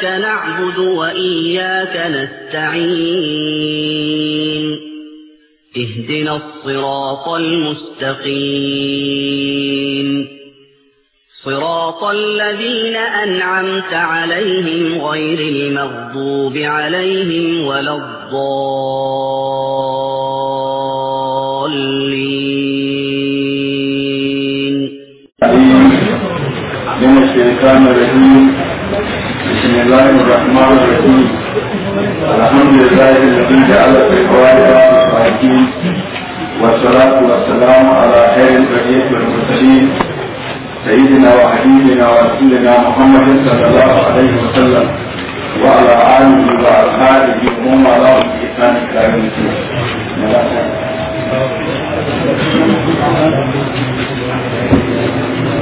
إياك نعبد وإياك نستعين اهدنا الصراط المستقيم صراط الذين أنعمت عليهم غير المغضوب عليهم ولا الضالين من الشيطان الرجيم الله الرحمن الرحيم الحمد لله الذي جعل في القواعد الصالحين والصلاة والسلام على خير البرية والمرسلين سيدنا وحبيبنا ورسولنا محمد صلى الله عليه وسلم وعلى آله وأصحابه ومن والاهم بإحسان إلى يوم الدين. Thank نعم. you.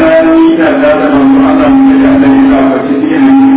da ya yi da da manzo Allah ya da ya ka ci cikin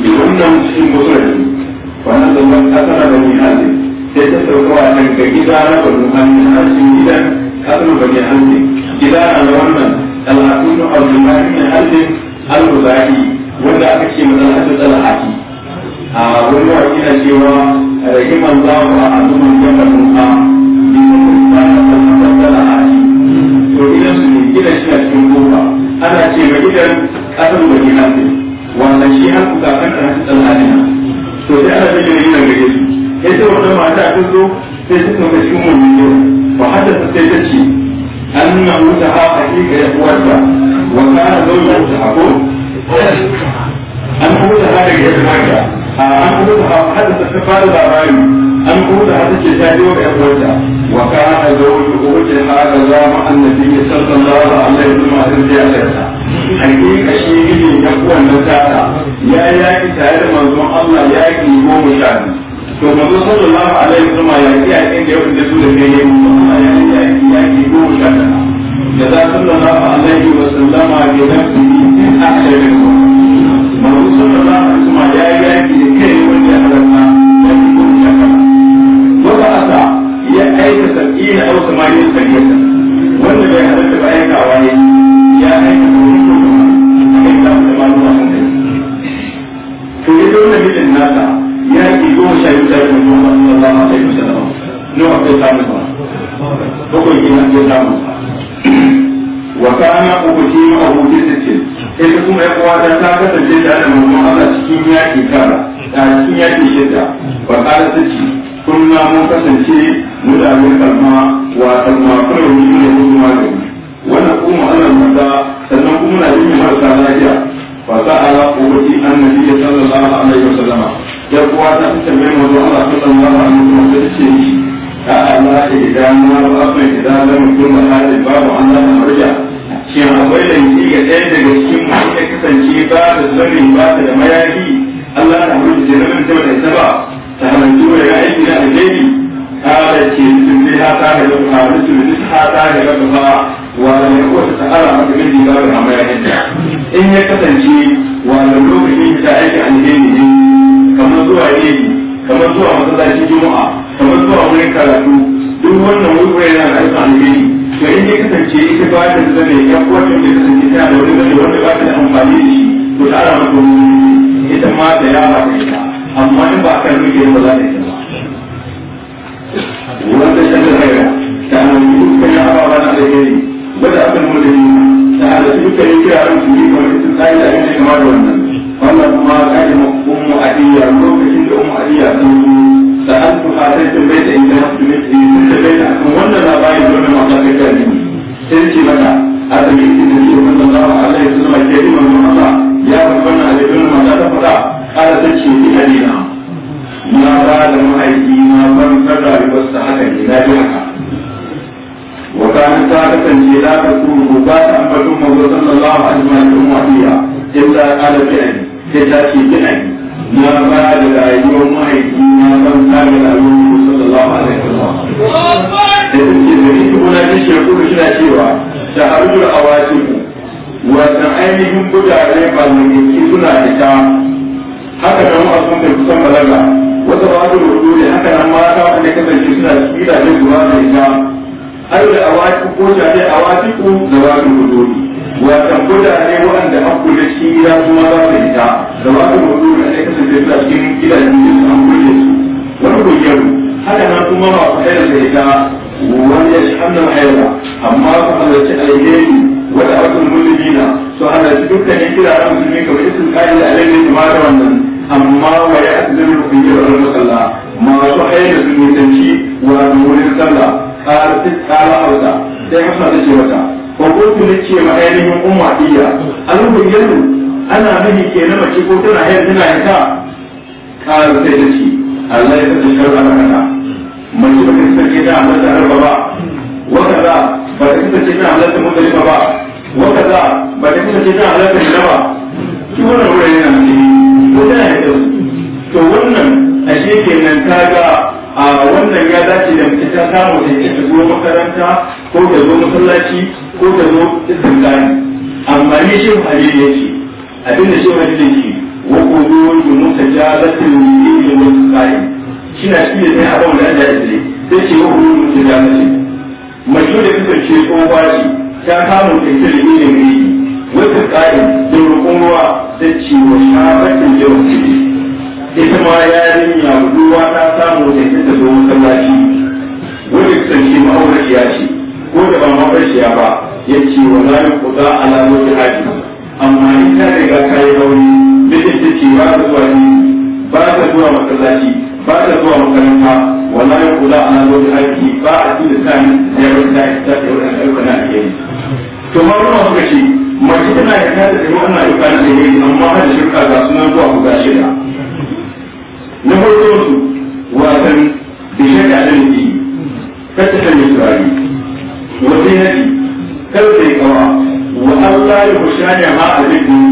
ke wannan cikin musulunci wannan zaman asana da ni hannu sai ta saukawa kan ga gida na banu hannu a cikin gidan asana bani hannu gida a wannan al'adun al-jumari na hannu al wanda aka ce masa al'adun al a wani wa ina cewa rahiman zawo a al'umman yamma nuka to idan su ne gidan shi a cikin kofa ana ce ma gidan asalin bani hannu wanda shi an kuka kan kan dan halina to sai ana cikin yin nan gare su sai sai wata mata ta zo sai ta kuma cikin mun ne fa hadda ta sai ta ce annahu ta haqiqa ya uwarta wa kana zawjun ta hako an kuma ta hada ga mata an kuma ta hadda ta fara labari an kuma ta hadda ce ta yi wa uwarta wa kana zawjun ta hada zama annabi sallallahu alaihi wa sallam hakika shi ne ya wannan tata ya yaki tare da manzon Allah ya yaki goma sha to manzo sallallahu alaihi wasallam ya yaki a cikin da wanda su da kai ne Allah ya yaki yaki goma sha da da za sallallahu alaihi wasallam ya yaki in akhira manzo sallallahu alaihi wasallam ya yaki da kai wanda ya halaka ya yaki goma sha da wanda asa ya aika sab'ina aw samaniyata wanda bai halatta ba aikawa ne ya aika to ya zauna mijin nasa ya ke goma sha biyu sai kuma masu zama a sai kusa da nawa kai samu ba bakwai ke nan kai samu wa kana ubuti ma ubuti tace sai kuma ya kowa ta ta kasance da da mamman Allah cikin yaki kara ta cikin yaki shidda wa kana tace kunna mun kasance mu da abin kalma wa kalma kullu ne da kuma wannan kuma Allah mata sannan kuma na yin marasa ubudi annabi sallallahu alaihi wasallam ya kuwa ta tambaye mu Allah sallallahu alaihi wasallam ce ni da Allah idan ma ba sai idan da mutum hali babu Allah na murja shin akwai lanki ga daga cikin mu ya ba da sirri ba da mayaki Allah na murja da nan da ba ta hanzu ya aiki da alheri ta da ce wala ya kowace ta'ara maka miji ba ga mayanin in ya kasance wala lokacin da ta aiki alheri ne kamar zuwa yini kamar zuwa masallacin juma'a kamar zuwa wurin karatu duk wannan wurwuri yana da aiki alheri to in ya kasance ita ba ta da zane ya kowace da kasance tana da wani zane wanda ba ta da amfani da shi ko to ta'ara maka wuri ita ma da yawa da ita amma in ba kan rike ba za ta yi ba wanda shi da rayuwa ta hanyar dukkan ya haɓa ba na da bada abin mu da da halittu ka yi kira ran su yi kamar cikin tsayi da abin da kama da wannan wannan kuma kaji umu adiyya lokacin da umu adiyya ta mutu da an su hadar da bai da inda su ne su yi da bai da akan wannan labarin dole ma ta kai kari sai ce mata a zage shi da shi wannan zama Allah ya zama ke iman mata ya babban na da dole ma ta ta fada kada ta ce ni adina na ba da mahaifi na ban sarrafa wasu haka ne na bi haka وكانت تارة لا تكون مبات أن بكم صلى الله عليه وسلم وحيا إلا قال بأن تتاتي بأن ما بعد الأيام وحيد ما كان تارة الأيام صلى الله عليه وسلم إذن هنا تشير كل شيء سوى تخرج الأواسم وتعينهم بدعين بالمجيء سنة haka nan ma sun kai kusan balaga wata ba da hudu ne haka nan mata wanda kasance suna cikin gidajen guda da ita aure a waki ko shafe a waki ko da wani hududi wata kuda ne wanda aku da shi ya kuma za su fita da wani hududi ne kasance suna cikin gidajen su an kulle su wani kujeru haka na kuma ba ku haila da ita wani ya shi hannun haila amma ku halarci alheri wata abin mulimina su halarci dukkanin kiraren musulmi kamar isin kayan da alheri kuma da wannan amma wa ya asirin kujeru a masalla masu haila sun nisanci wa wurin sallah قالت قال أوزا سيحصل لشيوتا wakuntu na ce ma ainihin umma diya alubun yadu ana nahi ke na mace ko tana hayar tana yanka karu sai ta ce Allah ya kasance karu ana kana mace ba ta kasance ta halatta harba ba wakaza ba ta kasance ta halatta mutane ba wakaza ba ta kasance ta halatta hila ba ki wannan wurin yana mace ko tana yanka to wannan ashe kenan ga. a wannan ya dace da mutum ta samu da ya zo makaranta ko ta zo masallaci ko ta zo zingani amma ne shi hali ne shi abin da shi hali ne shi wa ko zo wani mutum ta zata yi ne da wani kayan shi na shi ne sai a ban da ajiye ne sai ce wa ko zo mutum ta zata yi mai shi da ta ce ko shi ta samu da ita da ne da ne wata kayan da rukunwa da ciwo shi na ta yi da wani ita ma yarinya ruwa ta samu da ta zo masallaci wani kasance ma'auraciya ce ko da ba ma'auraciya ba ya ce wa za a kuza da haji amma in ta riga ta yi rauni mijin ta ce ba ta zuwa ni ba ta zuwa masallaci ba ta zuwa makaranta wa wala a kuza da haji ba a cikin sa ni ya rasa ta yi ta wurin ayyukan na ake yi to ma ruwa suka ce mace tana ya kada da wannan ayyukan da ya amma har shirka ga sunan zuwa guda da. na farko su wasan da shaka da nufi kata kan yi turari wata yaki kar sai kawa wa Allah ya kusha da ma a rikin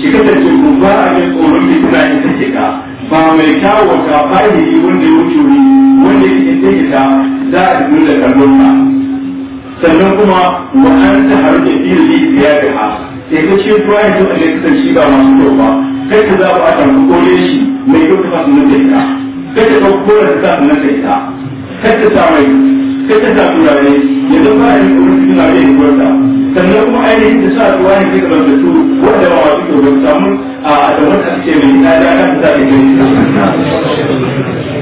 shi kasance ku ba a jin tsoron fitina in ta shiga ba mai kyawun ka fahimci wanda ya wuce wuri wanda ya ta ita za a dinga kallon ka sannan kuma wa an ta harbe fili ziyarta ha sai ka ce tuwa yanzu a ne kasance ba masu kyau ba kai ka za a ta kore shi mai kyau ka sa sunan da ita kada ka ta ka sa sunan da ita kada sa mai sa turare ya zama ba a yi kuma cikin abin kwarta sannan kuma ainihin ta sa ruwa ne ke gaban da su wanda ba masu kyau wani samun a da wata ake mai ita da aka ta ke ita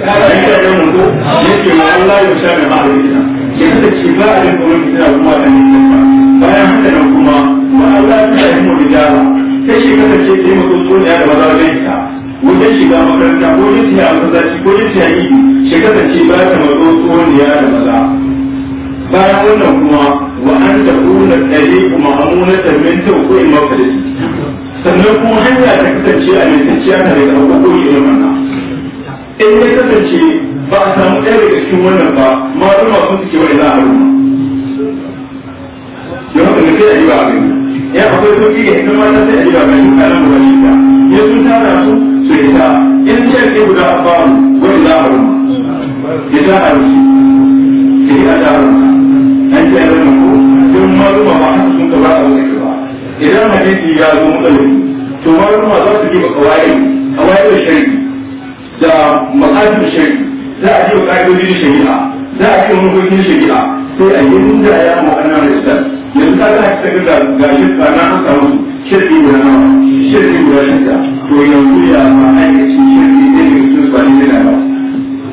kada da yawan ko yake ma Allah ya sha mai ma'arufina ya kasance ba a yin kuma fitina kuma da ne bayan haka nan kuma ma Allah ya sha yi mu rijala sai shi kasance ta yi mutum so da ya da maza wajen ita ya shiga makaranta ko ya tiya a masallaci ko yin tiya yi shi kasance ba ta mazo tsohon ya da maza bayan wannan kuma wa an da kuna ɗari kuma amuna da mintin ko in mafarki sannan kuma hanya ta kasance a mintanciya ta daga hukuku irin wannan in ya kasance ba a samu ɗaya daga cikin wannan ba maluma sun suke wani za a ruma haka da kai a yi ba abin ya akwai sauƙi ga hikimar ta sai a yi ba mai kanan ba shi ta ya sun tara su ita in ce ke guda abbaru wani zaharu ya zaharu shi ke a zaharu an ce zama ko tun maruma ba haka sun ka ba a wani ba idan hadisi ya zo mutsalin to maruma za su yi ba kawai kawai da shari'i da makasar shari'i za a ce ka'idodin shari'a za a ce manufokin shari'a sai a yi inda ya mu'annar islam yanzu ta ga haka ga shi tsana an samu shirki guda nawa shirki guda shida to yanzu ya ma ainihin shirki ɗin da su ba ni da ba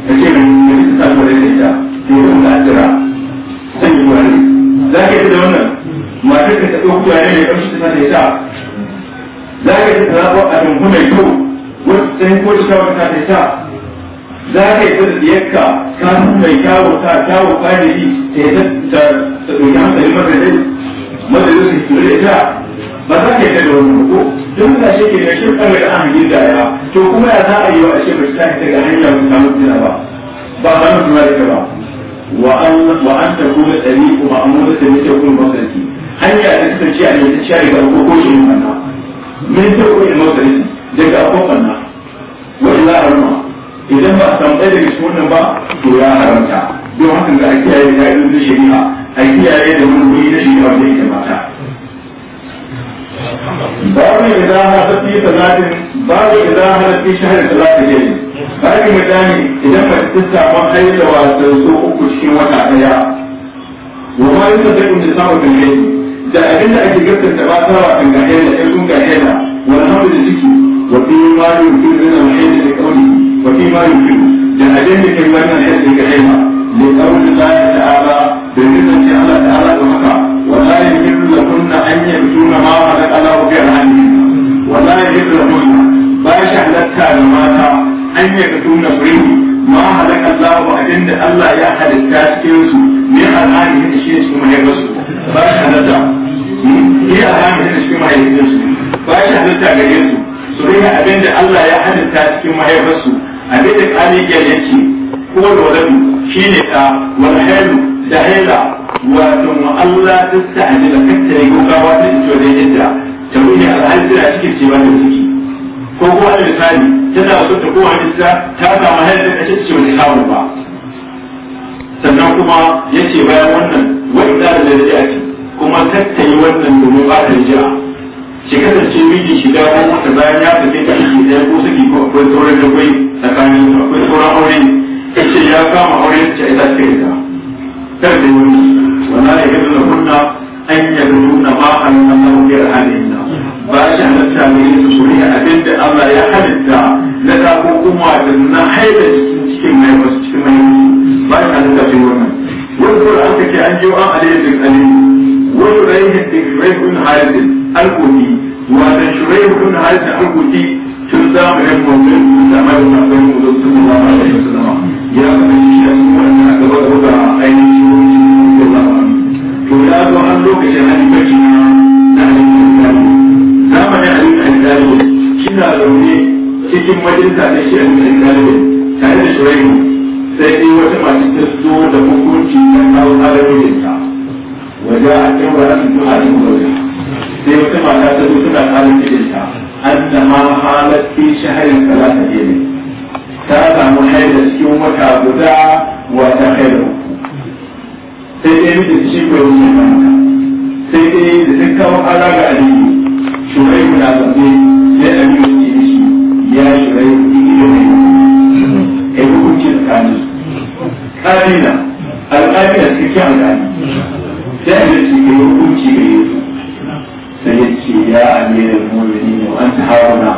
a ce mai da ta samu da ita to zan ka jira san yi wani za ka yi da wannan matar ka ta ɗauki ne mai ƙamshi ta ta za ka yi da zaɓa a dungu mai kyau wata ta yi ko shi ta ta ta za ka yi da diyarka ka mai kyawo ta kyawo kwanaki ta yi ta ɗauki hankalin madadin madadin su ke da ta. ba za ka yadda da wani ko don da shi ke da shi kan da an yi daya to kuma ya za a yi wa shi ba ta daga hanya ku samu tuna ba ba ba mu tuna da ba wa an wa an ta kuma tsari kuma an mutu da mutum kuma masarki hanya da ta ci a ne ta ce a ko ko shi mun na me ta ko ne masarki daga akwai na wa ila arma idan ba a samu ɗaya daga cikin wannan ba to ya haramta don hakan da a kiyaye da shari'a a kiyaye da mun yi wuri na shari'a da ta kamata babu idan hasa fi talatin babu idan hasa fi shahar wasan yayi babu idan wato so uku cikin wata daya wa ma yasa da kun samu da abinda ake gaskata ta wa kan gaela sai kun gaela wannan da ciki wa fi ma yumkin min al-hayl li qawli wa fi ma yumkin da da kai wannan hayl li gaela li qawli Allah ta'ala da nisan Allah ta'ala da haka ولا يجوز لهن أن يبدون ما خلق الله في أرحامهن ولا يجوز لهن باش حلتها لماتا أن يبدون فريه ما خلق الله أجند الله يا حدث تاسكيوسو من أرحامهن شيء اسمه يبسو باش حلتها هي أرحامهن شيء ما يبسو باش حلتها غيرسو سوريا أبند الله يا حدث تاسكيو ما يبسو أبيتك عليك يا يتي هو الولد shi ne ta walhailu da haila wato Allah ta sa'ani da kanta ne gaggawa ta ciwo da yadda ta wuce alhali tana cikin cewa ta ciki ko kuma da misali tana so ta kowa nisa ta samu haila da kace ce wata samu ba sannan kuma ya ce bayan wannan wani da da yake kuma kanta yi wannan domin ba ta jiya shi kasance miji shiga ko wata bayan ya fita ta ciki ɗaya ko suke ko akwai sauran da kwai tsakanin akwai sauran aure ka ce ya kama wurin ta ita ce ta kar da wani wannan ya yi da kunna an yi da ma an nan na wuyar hannun ba shi halatta ne su kuri abin da Allah ya halitta na ko kuma da na haida cikin mai wasu cikin mai ba shi ta ce wannan wani kura an kake an jiwa an alayyar da wani rayin da rayin harin alkoki wata kun harin alkoki tun zamanin mutum da mai da kai mu da sun ba da sallama ya kuma shi da wannan a gaba gaba da ainihin shi da to ya zo har lokacin halifaci na halifaci zamanin halifaci shi na zaune cikin majinta da shi halifaci tare da shuraimu sai dai wata masu ta da hukunci na kawo halifacinta wajen a cewa da su tuharin gwamnati sai wata mata ta zo suna kalin cikinta أنها حالت في شهر ثلاثة أيام تابع محيدة يوم كابدا وتخيل sai dai miji da shi ko yau sai manta sai dai da sun kawo ala ga aliyu shurai mu na zambe sai aliyu ya ce shi ya cikin alƙali sai aliyu ya ce sai ya ce ya amira mu'mini ne an ta haruna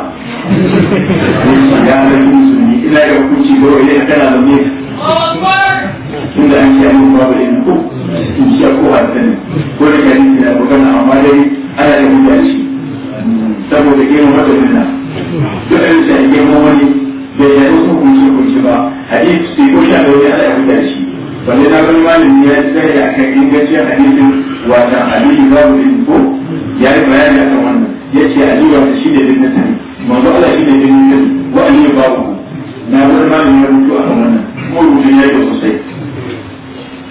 ya ga musulmi ina ga kuci go wani kana da ni tun da an yi mun babu da ku in sha ko a sani ko da gani na bukana amma dai ana da shi saboda ke mun irin matsalin nan duk da ke mun wani da ya ku ku ci ku ci ba hadisi sai ko sha da wani ana da mutaci wanda na gani malami ya tsaya kan ingancin hadisin wata hadisi babu da ko ya yi bayani akan wannan ya ce aliyu wata shi ne dinna sani manzo Allah shi ne dinna sani wa aliyu babu na wani malami ya rubutu akan wannan kuma rubutun ya yi da sosai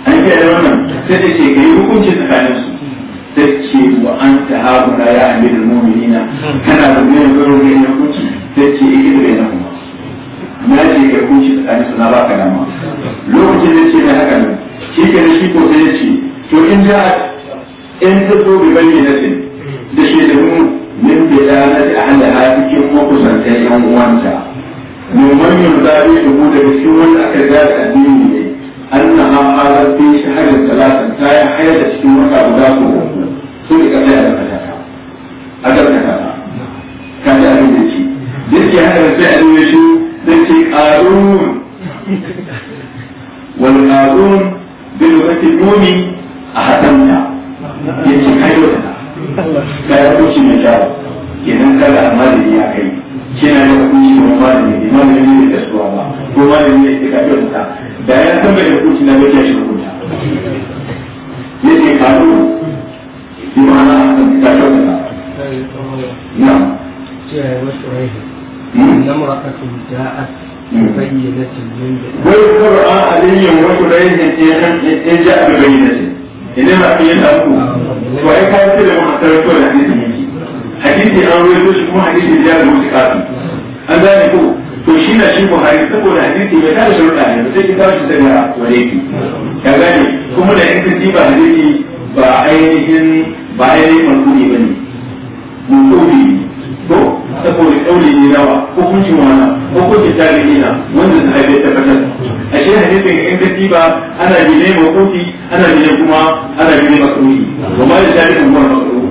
an ce da wannan sai ta ce kai hukunci tsakanin su ta ce wa an ta haɓura ya amirul mu'minina kana da mai zuwa ne na hukunci ta ce ya eh, ita da yana kuma na ce kai hukunci tsakanin su na ba ka dama lokacin da ce na haka nan shi ke shi ko sai ya ce to in ja in ta zo bi bayyana sai da shekaru min bidanati ahliha cikin makusantan yan uwanta domin yin zaɓe da ku daga cikin wanda aka zaɓe addini ne an na hamarar fi shahadar talatin ta yi hayar da cikin wata guda ko hudu su ne ƙasa da kataka a ga kataka ka ji abin da ce duk ya haɗa sai a nuna shi da ce ƙarun wani ƙarun bin lokacin nomi a hatamta ya ce kai wata na ya kuci mai kyawu kenan kada a malami ya kai kina da kuci mai malami ne malami ne da suwa ba ko malami ne da kafin ta da ya san bai kuci na bai shi rubuta yake kalu bi ma'ana ta ta na امرأة جاءت ببينة من والقرآن علي وسريه جاء ببينة إنما ta أبوه to ai ka ce da wannan tarko da hadisi yake hadisi an rawaito shi kuma hadisi ya da wuce kafi an gane ko to shi na shi Buhari saboda hadisi bai kada sharuɗa ne sai ki tashi daga waleki ya gane kuma da in ba hadisi ba ainihin ba ainihin manzuri bane manzuri ko saboda kauli ne ko hukuncin wani hukuncin tabi'ina wanda sahabi ya tabbatar a shi hadisin in ka ba ana bi ne makuti ana bi kuma ana bi makruhi wa ma yajari kuma makruhi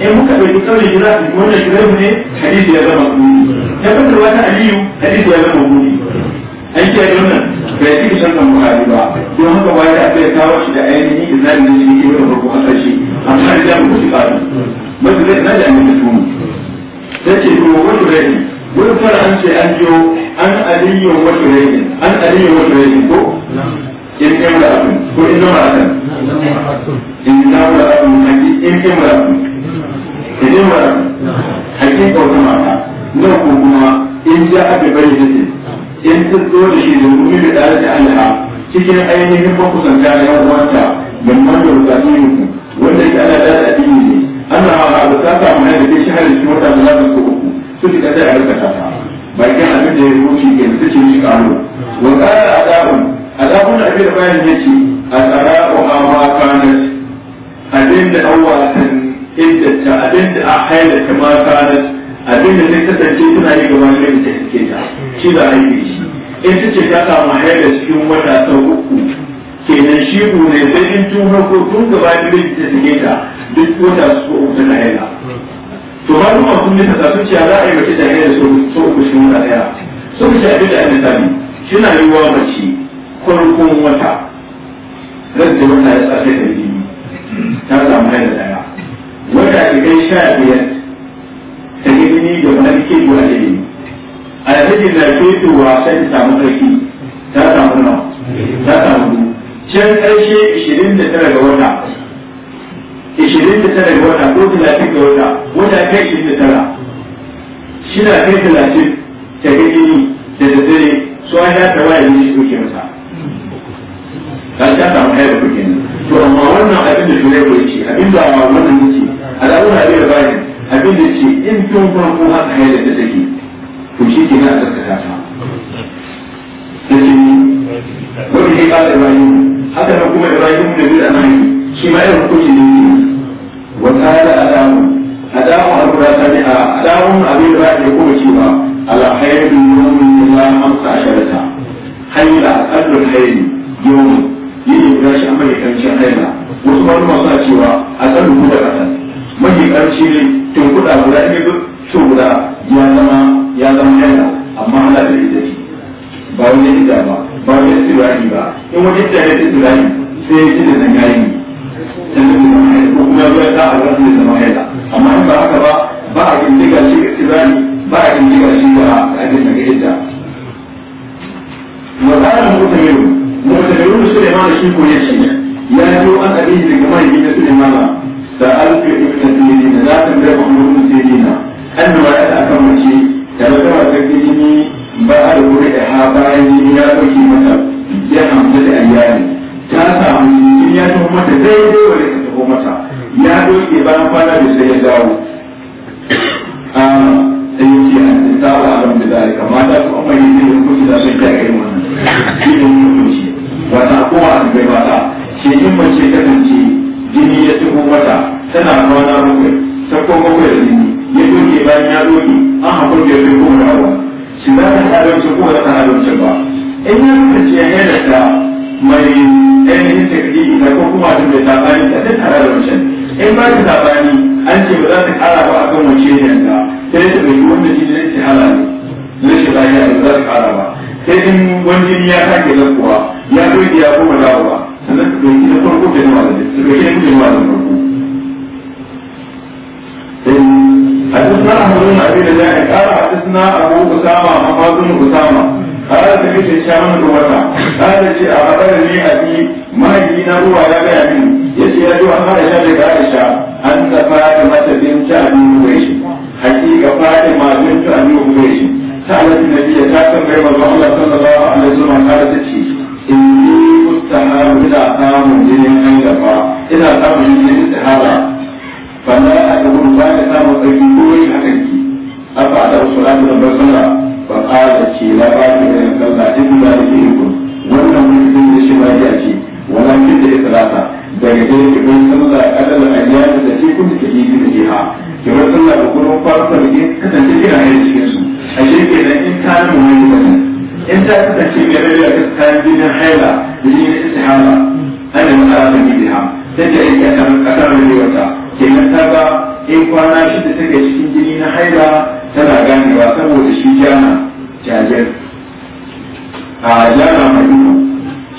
in eh, muka bai kawai jira wannan jira ne hadisi ya zama makruhi tabbatar wata aliyu hadisi ya zama makruhi an kiyaye wannan bai yi kisan kan buhari ba don haka wai da aka kawo shi da ainihi da zai da shi ke da farko a sashi amma da mu shi ba mutum zai na da mu tumu sai ce to wani rai wani fara an ce an jiyo an aliyu wani rai an aliyu wani rai ko in kai mura abin ko in zama a kan in na da abin haƙi in kai mura abin in yi mura abin haƙi kauta mata nan ko kuma in ja aka bari da ce in ta zo da shi da kuma da ɗaya da Allah cikin ainihin makusanta da yan uwanta gamban da rukatu yanku wanda ya ana da addini ne ana a rukata mai da ke shahara cikin wata da zaɓin ko uku su fi ƙasar a rukata ta bakin abin da ya rubuci ke da suke shi ƙaro wa ƙara a ɗa'un alabun abi da bayan ce a tsara wa ma kanat abin da awwatan idda ta abin da ahaila ta ma kanat abin da ta kasance suna yi gaba da ta take ta shi a yi shi in ta ce ta samu haila cikin wata ta uku kenan shi ne sai in tun farko tun gaba da ta take ta duk wata su uku ta haila to ba kuma sun nita da sun ce za a yi mace ta haila su uku shi wata So sun ce abin da misali suna yi yiwuwa mace farkon wata zan ce ya tsafe da biyu ta samu haila daya wata ke kai sha biyar ta yi jini da wani ke zuwa da yi alhaji na fetowa sai ta samu sarki ta samu nawa ta samu can ƙarshe 29 ga wata 29 ga wata ko 30 ga wata wata kai 29 na kai 30 ta gani da daddare su an ya tawa ya yi shi ke masa ka ta samu hayar kuke ne. to amma wannan abin da shugaba ko yace abin da wannan yace alawun abin da bayan abin da yace in tun farko haka hayar da take to shi ke na tsarkaka ta ta ta yace wani ya kala ibrahim haka na kuma ibrahim da bi da yi shi ma yana hukunci ne wa ta'ala adamu adamu al-qur'an sami'a adamu abin da ya kuma cewa ala hayrin mu'min ila 15 hayra al-hayri yawmin ya shiga shi amerikancin haila wasu wani masu a cewa a kan rubuta ƙasa mafi ƙarshe ne tun kuɗa guda ɗaya duk so guda ya zama ya zama haila amma hala da ita ce ba wani ita ba ba wani tsirani ba in wani ita ya ce tsirani sai ya ce da zan yayi ne ko kuma ya ta a rasu da zama haila amma in ba haka ba ba a kindiga shi ga ba a kindiga shi ga abin da ga ita. Wa zanen mutum wanda da yau Suleiman shi ko ya shiga ya yi an abin daga mahaifi na Suleiman da alfi ibn Sirin da zaka da Muhammad ibn Sirin an da ya aka mace da wata wata gini ba a rubuta da ha bayan ya dauke mata ya hamsa da ayyani ta samu jini ya tafi mata daidai wanda ta tafi mata ya dauke bayan kwana dawo ah, a a tsaba a ran da zalika mata su amma yi shi ne a mace kasance jini ya mata tana kwana ta da ya doke bayan ya doke kuma da hawa shi ba in mai ainihin kuma da in ba ta sabani an ba za ta kara ba ta bai wanda jini ne ba sai in wani jini ya sake nan kuwa ya doke ya koma dawowa sannan ka doki na farko da nawa da su ka kai kuma nawa da farko حدثنا أحمد بن أبي نجاح قال حدثنا أبو أسامة محمد بن أسامة قال سمعت هشام بن عمر قال شيء أخبرني أبي ما يجينا هو على بيعه يجي يجوا أخبر شاب عائشة أنت فاطمة بنت أبي هريرة حقيقة فاطمة بنت أبي هريرة سألت النبي كاتم غير الله صلى الله عليه وسلم قالت تشي إني مستحاب إلى أقام جنين عندما إلى أقام جنين استحابة فلا أقول بعد أقام أجيب كل حقيقي أفعل الصلاة لما صلى فقال تشي لا بأس بأن صلى إلا لكيكم وأنا من الشمالية ولكن لإثلاثة daga dai ki bar sallah kadal ayyam da shi kun da ke yi da jiha ki bar sallah da kuma farko da ke kasance kina yin cikin su a shirke nan in ta nan wani wani in ta kasance mai rabiya ta kayan jinin haila da jinin istihama an da matsala ta gidi ha sai ta yi kasar rabiyarta kenan ta ba in kwana shi ta ga cikin jini na haila tana ganewa saboda shi jana jajir a jana mai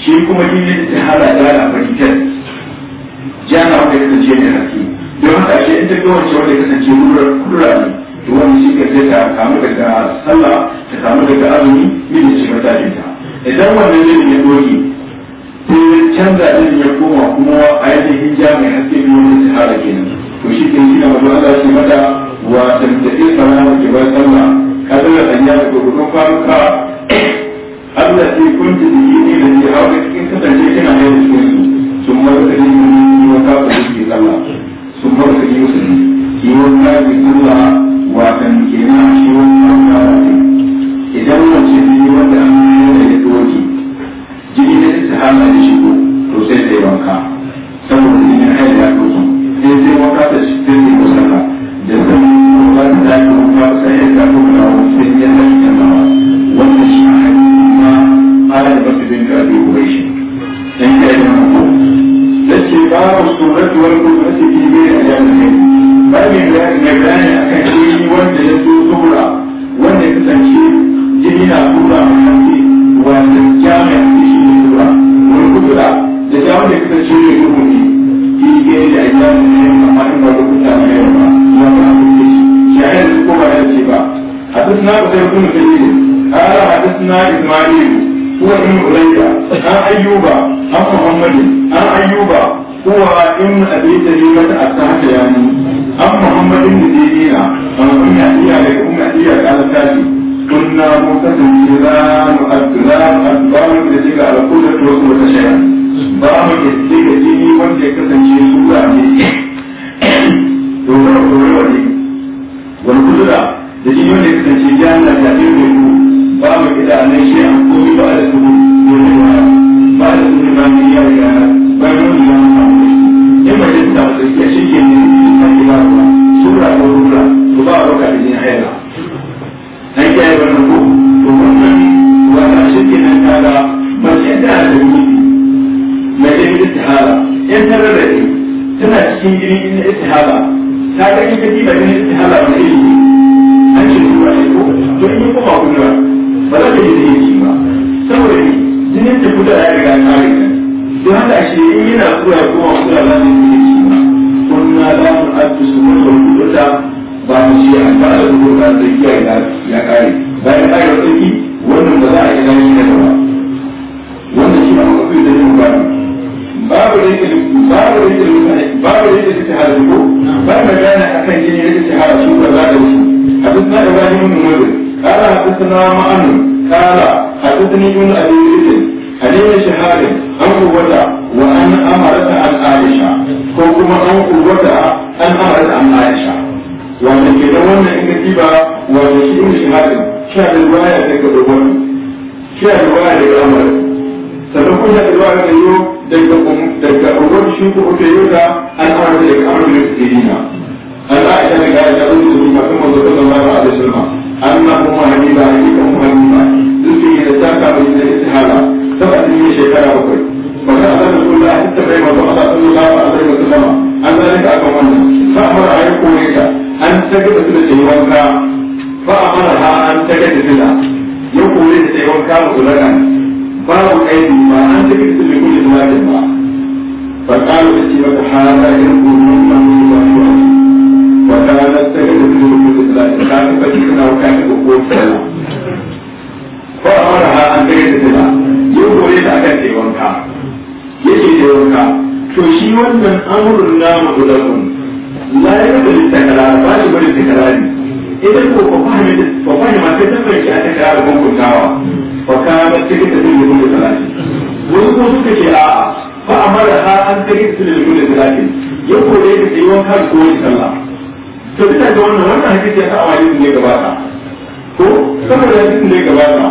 shi kuma jinin istihala jana mai kyau jana wanda ya kasance ne rafi don haka shi in ta ga wanda ya kasance kudura ne ruwan shi ka sai ka samu daga sallah ka samu daga azumi yi da shiga tashi ta idan wannan ne ya doki sai ya canza din ya koma kuma a yanayin jami'a haske biyu wani sahara kenan to shi ke shi na wani Allah shi mata wa tantaɗe fara wa ke bar sallah ka zama sanya da gurgurdun kwanuka Allah sai kun ta jiki ne da ke hau da cikin kasance kina yau da cikin sun mara da yin wani wata ba da ke sallah sun mara da yin su ne yi wani kayan sallah watan kenan ciwon da wannan wannan hadisi ya kawo hadisin ne gabata ko saboda hadisin ne gabata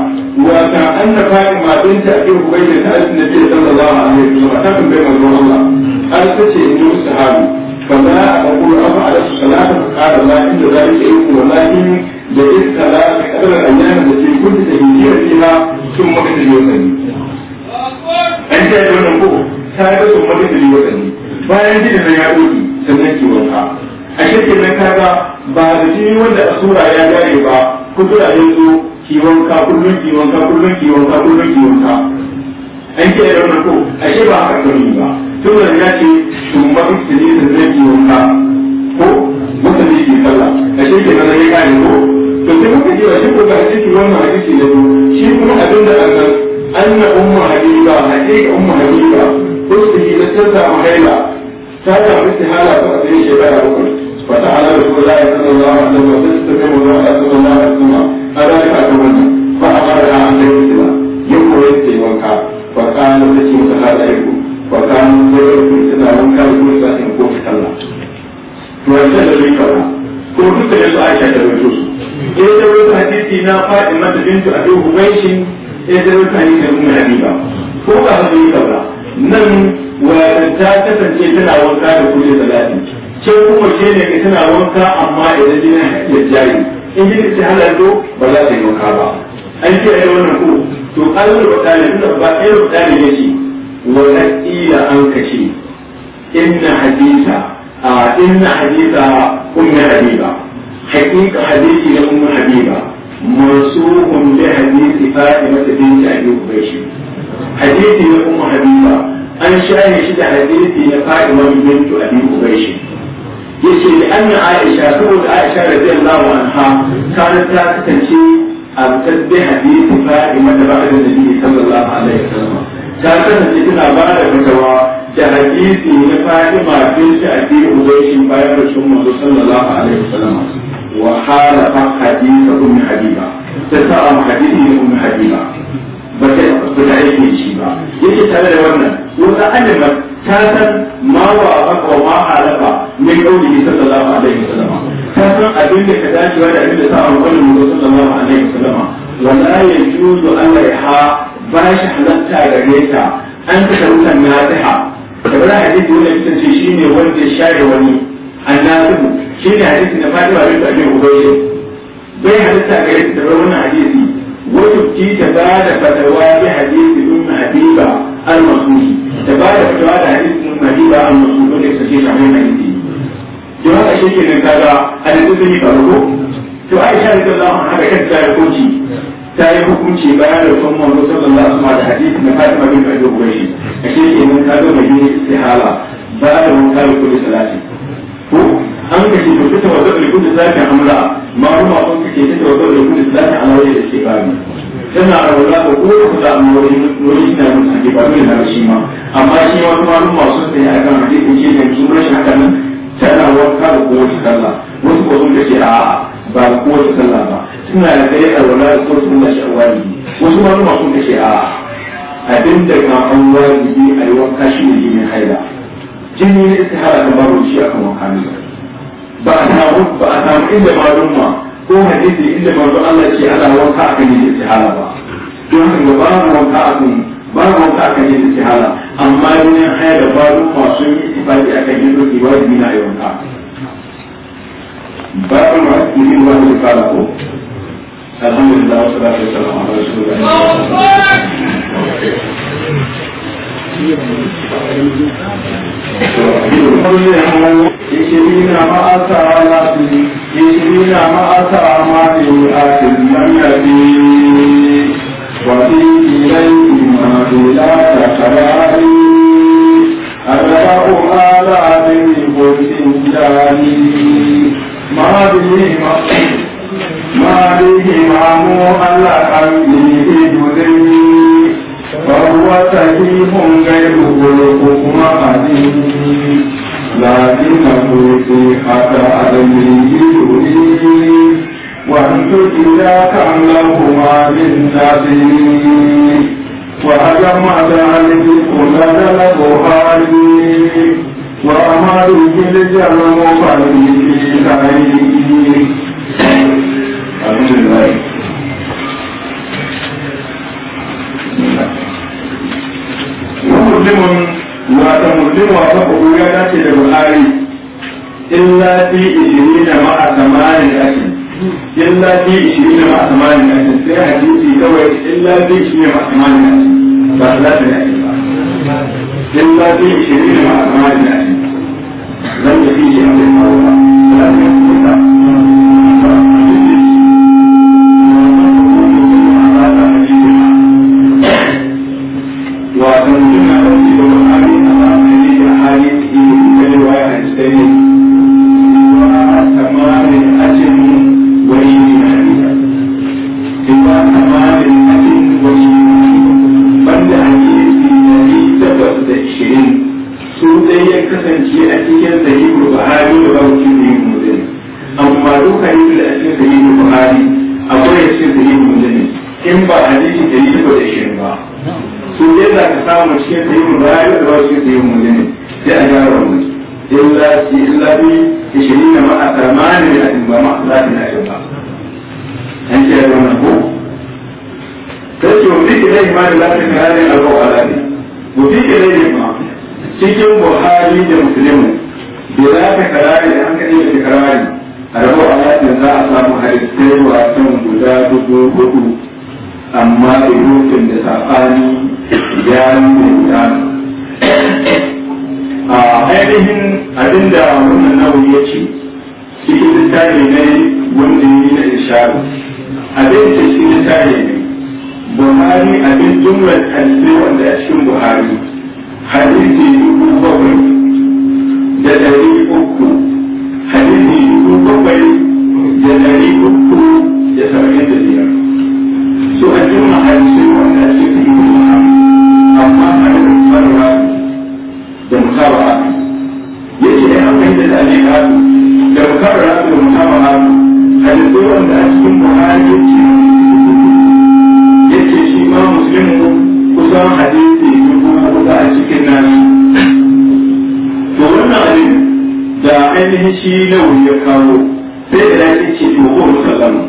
wa ta anna fatima binta abi hubayl ta annabi sallallahu alaihi wasallam ta kan bai manzo Allah an tace ni sahabi fa za a aqul afa ala salatu qala la inda zalika yakun wallahi da iska la kadar ayyam da ke kunta tahiyya fiha sun maka da yosan an ta yi wannan ko ta ga sun maka da yosan bayan gidan ya doki sannan ki wanka a shirkin na kaga ba da shi wanda a sura ya gane ba kudura ya zo ki wanka kullum kiwonka kullum kiwonka kullum kiwonka an ke da ko ko ashe ba haka kawai ba tun da ya ce tun ba tumma istini da zai ki wanka ko mutane kalla a ashe ke nan ya gane ko to sai muka ji ashe ko a hadisi wannan hadisi ne shi kuma abin da annan anna umma habiba hadika umma habiba ko su yi da tsada mahaila ta ta mutu hala ba a zai shekara bakwai فتعالى رسول الله صلى الله عليه وسلم استقيم الله صلى الله عليه وسلم فذلك أتمنى فأمر لها أن تكتب يقول يتيمك فكان تشمس هذا يقول فكان تشمس إذا وكا يقول فإن كنت كلا وأجل لي كلا كنت تجد عائشة الوجوز إذا تقول حديثي نافع إما تجنت أبي هويش إذا تقول حديثي أم حبيبة فوق هذا يقول nan wa ta kasance tana wanka da kuje salati ke kuma ke ne ka tana wanka amma idan jini ya jari in jini ta halarto ba za ta yi wanka ba an ce ya wannan ku to kalmar batali tunda ba ɗaya batali ne ce wala ila an kace inna hadisa a inna hadisa ummu habiba hakika hadisi na ummu habiba mansuhun bi hadisi fatima binti abi shi hadisi na ummu habiba an shaye shi da hadisi na fatima binti abi shi. yace da an Aisha saboda Aisha da zai radiyallahu anha kana ta kasance a tabbi hadisi Fatima da ba'da Nabi sallallahu alaihi wasallam ta kasance tana ba da fatawa da hadisi na Fatima bin Sa'di Ubayshi bayan Rasul Muhammad sallallahu alaihi wasallam wa halafa hadisa ummi Habiba ta sa'a hadisi ummi Habiba ba ta ba ta aiki shi ba yake tare da wannan wanda annabi ta san ma wa baka wa ma halaka min kauli sallallahu alaihi wasallam ta san abin da ka dacewa da abin da sa wa kullu sallallahu alaihi wasallam wala yajuzu an yaiha ba shi halatta gare ta an ta karuta nasiha da bara hadisi wanda ya kasance shine wanda ya share wani annasibu shine hadisi na Fatima bin Abi bai gare ta da ki ta ba da fatawa bi hadisi ummu habiba al da ba da fitowa da hadisin hadisa an musu dole su ce shahin hadisi to haka shi ke nan kaga hadisin sun yi farko to Aisha radiyallahu anha da kanta ta hukunci ta yi hukunci bayan da kuma sabon za su ma da hadisi na Fatima bint Abi Hubaysh a shi ke nan kaga mai yin istihala ba da wanka da kullu salati ko an ka ce to ta tawakkal kullu salati amra ma ruwa sun ce ta tawakkal kullu salati ala wajhi istiqama tana rauna da ko ku da amuri wani na mutane ba mai na shi ma amma shi ma kuma mun masu sai a kan hadisi ce da kuma shi haka nan tana wanka da kowace sallah wasu ko sun ce a ba ko kowace sallah ba suna da kai a rauna da kowace sallah shi awali wasu ma mun masu ce a abin da ka an wajibi a yi wanka shi ne jinin haila jini ne istihara kamar shi akan wanka ne ba a samu ba a samu inda ma. ko hadisi inda manzo Allah ce ana wanka kan yin istihala ba don haka ba mu wanka kan ba mu wanka kan yin istihala amma ne haya da babu masu yi a kan yin doki wajibi na mu wanka babu ma su yi wani fara ko alhamdulillah wa salatu wa salam ala rasulillah يشرين ما أتى نفسي يشرين ما أتى مالي أتم الذي وفي إليكما بلا تخراري أدعو على ذي برسلاني ما به ما به معمو على قلبه إذني وهو سليم kai dogoro ko kuma abin zaɓin a zambin gizo ne wanda wa da aliki wa a maru muslimun wata muslim wata kudu ya dace da buhari illa fi ishirina ma'a samanin asin illa fi ishirina ma'a samanin asin sai hadisi kawai illa fi ishirina ma'a samanin asin ba za ta ne ba illa fi ishirina ma'a samanin asin zan da fi shi abin ma'aura ba za ta kasance a cikin sahihu buhari da babu cikin sahihu muslim amma duka yi da cikin sahihu buhari akwai a cikin sahihu muslim in ba hadisi da yi ba da shi ba su dai za ka samu cikin sahihu buhari da babu cikin sahihu muslim sai a gyara mu illa fi illa bi ishirin na ma'a tsammanin da ba ma'a zaɓi na ba an ce ya zama ko kace wa bi ilaihi ma la ta'ala al-qawla wa bi ilaihi ma cikin buhari da musulmi da za ka karari da hankali da karari a rabu a latin za a samu wa kan guda dubu hudu amma da rufin da saɓani ya nuna guda a ainihin abinda wannan nawawi ya ce cikin littafi ne wanda ya yi na isharu abin da shi littafi ne buhari abin jumlar hadisai wanda ya cikin buhari hadisi dubu bakwai da dari uku hadisi dubu bakwai da dari uku da saba'in da biyar su a jima hadisai wanda ake fi amma a da farwa da musaba'a yake da amfani da dalilatu da mukarratu da musaba'a hadisai wanda a cikin buhari ya ce shi ma muslimu kusan hadisi ɗauka a cikin nan to wannan abin da ainihin shi lauri ya kawo sai da ya ce to ko musallama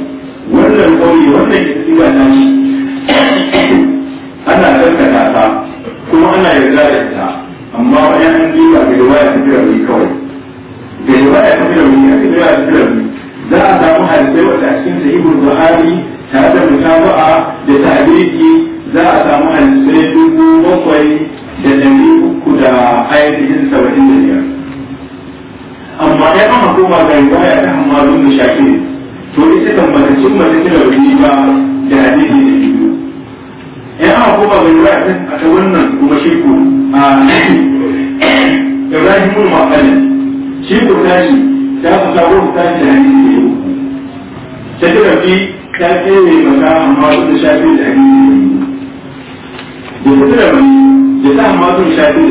wannan kauli wannan ya ci ta shi ana karkata ta kuma ana yarda da ta amma wani an duba waya riwaya ta firawi kawai da riwaya ya firawi a cikin riwaya ta firawi za a samu hadisai wanda a cikin sahihul bukhari ta da to ita kan ba cin mace ta rauni ba da hadisi da biyu in aka koma bai ruwa a ta wannan kuma shi ko a Ibrahim mun ma'ala shi ko tashi ta ku ta ku ta da hadisi ta ta rafi ta ce mai mata amma su ta shafi da hadisi da ta rafi da ta amma su shafi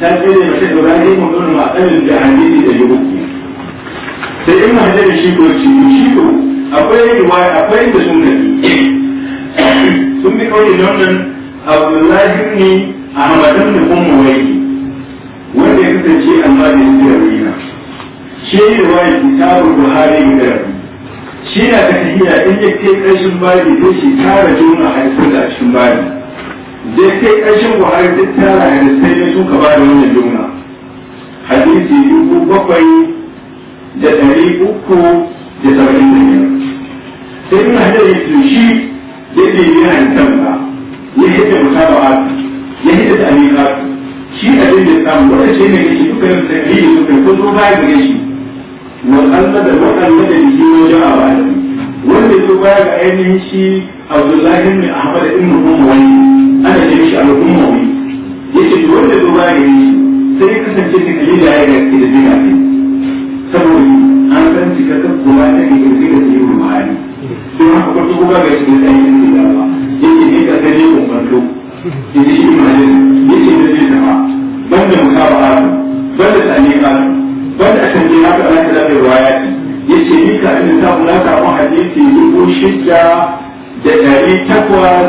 ta ce mai mata Ibrahim mun ma'ala da hadisi da biyu sai in ma da shi ko shi ko akwai riwaya akwai da sun gani sun bi kawai nan abdullahi ne a hamadan da kuma waiki wanda ya kasance amma da su da rina shi ne riwaya kitabul buhari da rabi shi na da tafiya in ya kai ƙarshen bari zai shi tara juna a cikin a cikin bari zai kai ƙarshen buhari duk tara a sai ya suka ba da wannan juna hadisi dubu bakwai da ɗari uku da saba'in da sai ina da ya ce shi ya ce yana yin tamba ya hidda musaba'a ya hidda da amika shi abin da samu wanda shi ne duka yin da yi dukkan kun zo baya gare shi waɗanda da waɗanda da yi wajen a baya wanda ya zo baya ga ainihin shi abdullahi ne ahmad ibn wani ana shi yace wanda ya shi sai kasance ne da ya ga da dina saboda an san cika ta kuma ta ke kirki da su yi wa mahali sun haka kwarci kuma ga shi da tsayin da ya ba yake ne ka ko ne kumfanto ke shi mahali yake da zai tafa banda ban da banda tsani ban da akan je haka ana da zaɓe waya ce yace ni ka ɗin ta kula ta kuma hadisi dubu shida da dari takwas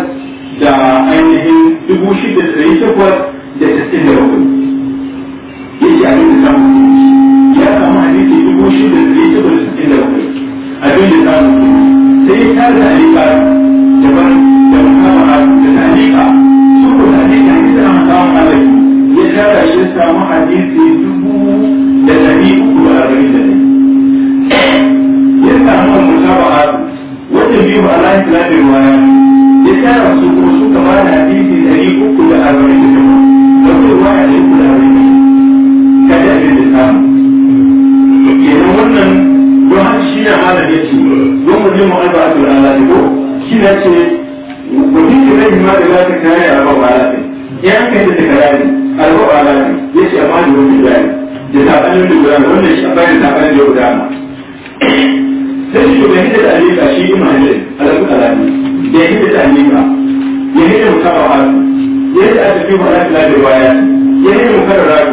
da ainihin dubu shida da dari takwas da tattun da bakwai yake abin da samun ya samu hadisi dubu shida da ya taɓa sittin da bakwai abin da ta mutu sai ya tara da alika da ban da mukamara su ko ta ne da makawan alai ya tara shi samu hadisi dubu da ɗari uku da arba'in da ɗaya ya samu mukamara wanda biyu ba Allah ya ruwa ya su da hadisi uku da arba'in da shi ne malam ya ce don mu ji mu an ba su ala ko shi ne ce ku ji rai ma da zaka kare a ba ala ne ya an kai da takarari a ba ala ya ce amma da wani bayani da sabanin da guda wannan shi a bayan sabanin da guda ma sai shi da hidda da alika shi imanin alaku alani da hidda da alika ya hidda mutawa hasu ya hidda a cikin halatu da riwaya ya hidda mukarrara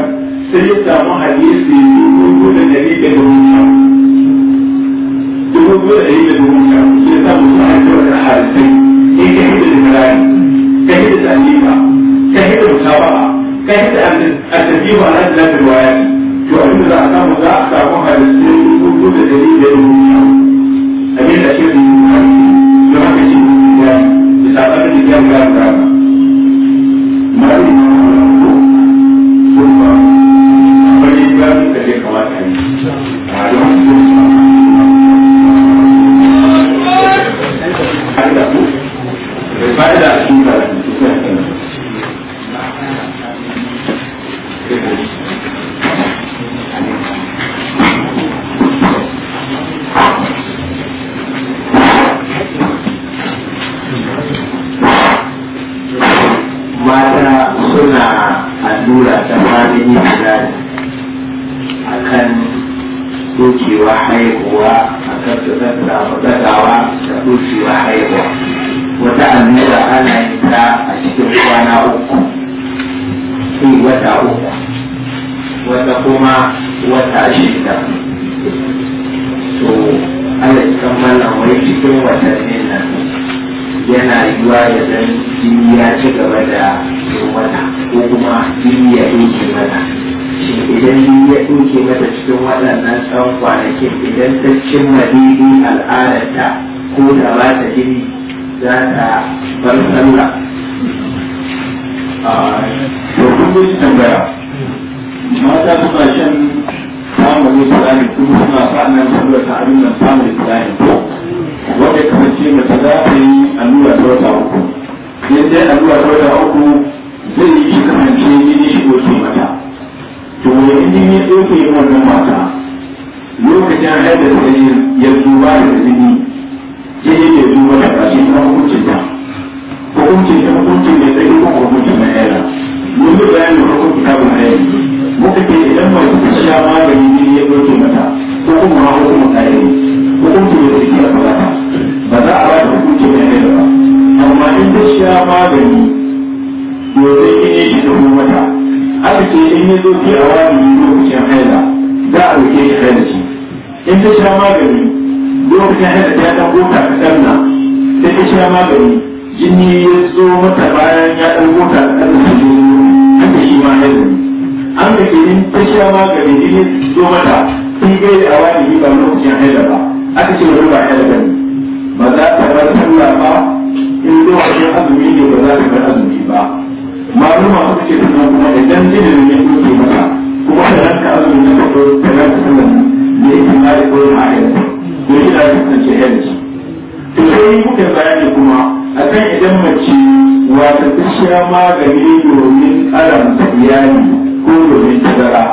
sai ya samu hadisi dubu da dari da dubu dubu biyu da yi da dubu sha shi ya samu suna yin da in ka hidda da marayi ka hidda da alima ka hidda da musabaha ka hidda da tafiya na da lafi waya to abin da za a samu za a samu harisai dubu biyu da ɗari da dubu sha abin da shi da dubu don haka shi ya yi da sabon da ya gura gura ba. Marayi na wani ko ba ba ne ya kamata yi. A don haka fa'ida ko bai fa'ida su? ta sha magani jini zo mata sun gai da awa ne ba lokacin haila ba aka ce wani ba haila bane ba za ta bar sallah ba in lokacin azumi ne ba za ta bar azumi ba maluma suka ce sannan kuma idan jinin ne kuke mata kuma da ranka azumi na kafa da ranka sallah ne ya da ko ya haila ne shi da ya kasance haila ce. to sai muke bayani kuma a kan idan mace wata ta sha magani domin karanta iyali ko domin tazara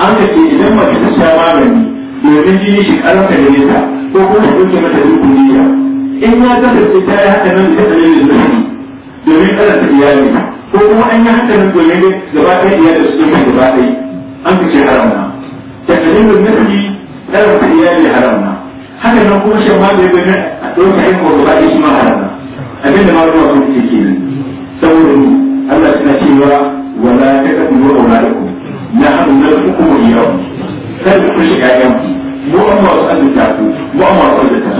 an ka ce idan mace ta sha magani domin jini shi karanta da nisa ko kuma ta dauke mata rukuniya in ya kasance ta yi haka nan da zafi domin karanta iyali ko kuma an yi haka nan domin gaba ɗaya iyali su domin gaba ɗaya an ka ce haram na tsananin zafi karanta iyali haram na haka nan kuma shan magani domin a ɗauke haihuwa gaba ɗaya shi ma haram na abinda ma ruwa sun ce kenan saboda Allah suna cewa ولا تقتلوا أولادكم نحن نرزقكم وإياكم kada ku shiga yanku mu an ba su azuta ku mu an ba su azuta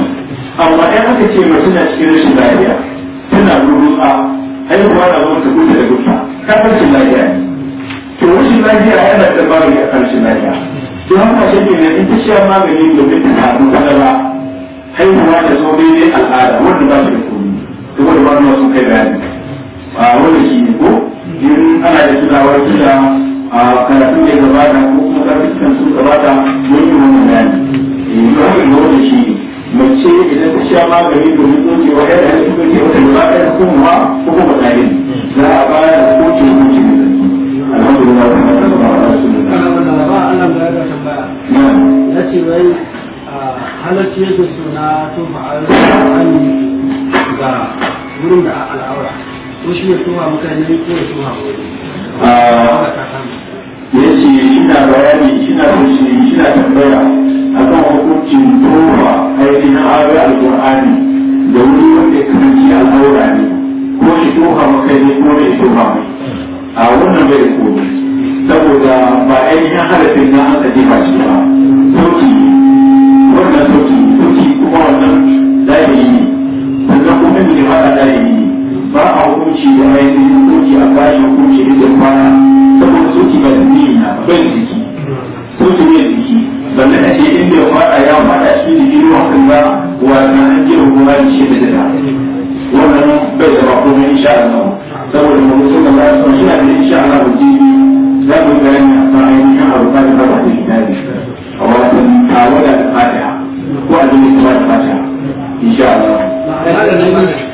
amma ɗan aka ce mace cikin rashin lafiya tana rubuta haihuwa na zuwa ta kuta da gufa kan rashin lafiya ne yana da magani a kan rashin lafiya to haka shi ke nan in ta sha magani domin ta samu kalala haihuwa da zo al'ada wanda ba shi da komi to wanda ba su kai bayani a wanda shi ne ko yin ana da tunawar a karatu da gabata ko kuma karfin bayani ba eh, shi mace idan ta sha magani domin yadda tsoke wata gaba kuma tsarin za a ba da tsoke ne alhamdulillah ta mata ba a rasu ne ba Allah ya tambaya na ce wai halarci yake suna tun ga wurin da al'aura ko shi ya ah, ce shina bayani ina rushe shina tambaya akan hukuncin tofa ainihin ayoyi alƙur'ani da wuri wanda ya karanci al'aura ne ko shi tofa makai ne ko ne tofa mai a wannan bai komi saboda ba ainihin harafin na an ka ba shi ba sauki wannan sauki sauki kuma wannan zahiri ne sannan kuma ne ba da zahiri ba a hukunci da ainihin hukunci a bashi hukunci da kwana saboda soki ba da niyi na bai jiki soki bai jiki sannan a ce inda ya fara ya fara shi da biyu hakan ba wa na an ji hukuma da shi da dada wannan bai da ba komai insha Allah saboda mu mutum da ba su shi da insha Allah mu ji za mu ga yana ba ainihin abu ba da ba da kitabi a wannan tawada da fatiha ko a jini kuma da fatiha insha Allah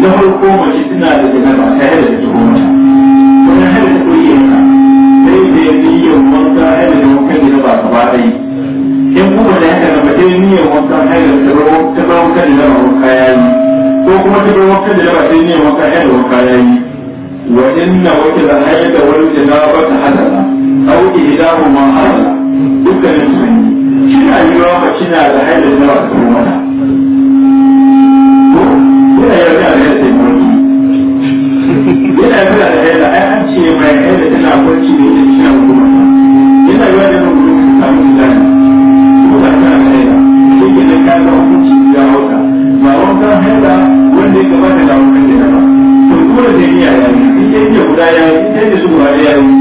na farko mace tana da ta tare da take kuma wani hada ta koyi yanka sai da ya niyyar wanka hada da wankan ba gaba yi in kuma da haka na mace niyyar wanka hada da ta bar wankan janaba wanka ya yi ko kuma ta bar wankan janaba sai niyyar wanka hada wanka ya yi wa inna wata da hada da wani janaba ta hadala au ihdahu ma hadala dukkanin su ne kina yiwa mace na da hada da janaba ta kuma yana yau da yau mulki yana yau da yau da ai an ce mai yau da tana kwanci da da shi hukuma yana yau da hukuma ta samu gudana ko ta ta yau da shi ke da hukunci da hauka ba wanka yau wanda ya gabata da hukunci da ba to dole da ya yi in dai guda ya yi in dai su guda ya yi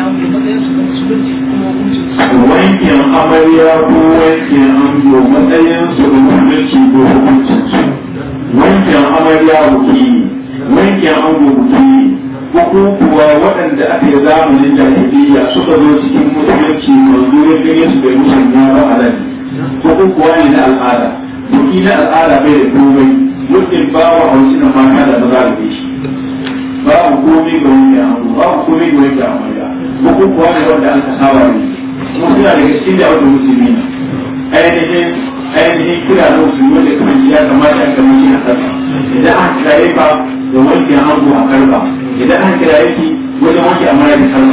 wankin amarya ko wankin an ango matsayin su na musulunci ko hukuncin su wankin amarya buki wankin an ango buki hukukuwa waɗanda aka yi zamanin jahiliya suka zo cikin musulunci manzo ya gane su bai musulunci ba halal hukukuwa ne na al'ada buki na al'ada bai da komai mutum bawa a wasu na mata da maza da shi babu komai ga wani abu babu komai ga wani amarya. bukukuwa ne wanda an ka saba ne kuma suna daga cikin da wata musulmi na ainihin ainihin kira na musulmi wanda kuma ya kamata an gama shi na kasa idan an kiraye ka da wanke hango a karba idan an kiraye ki wajen wanke amana da karba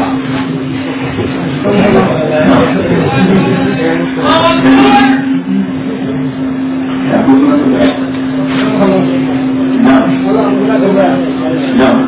Na'am.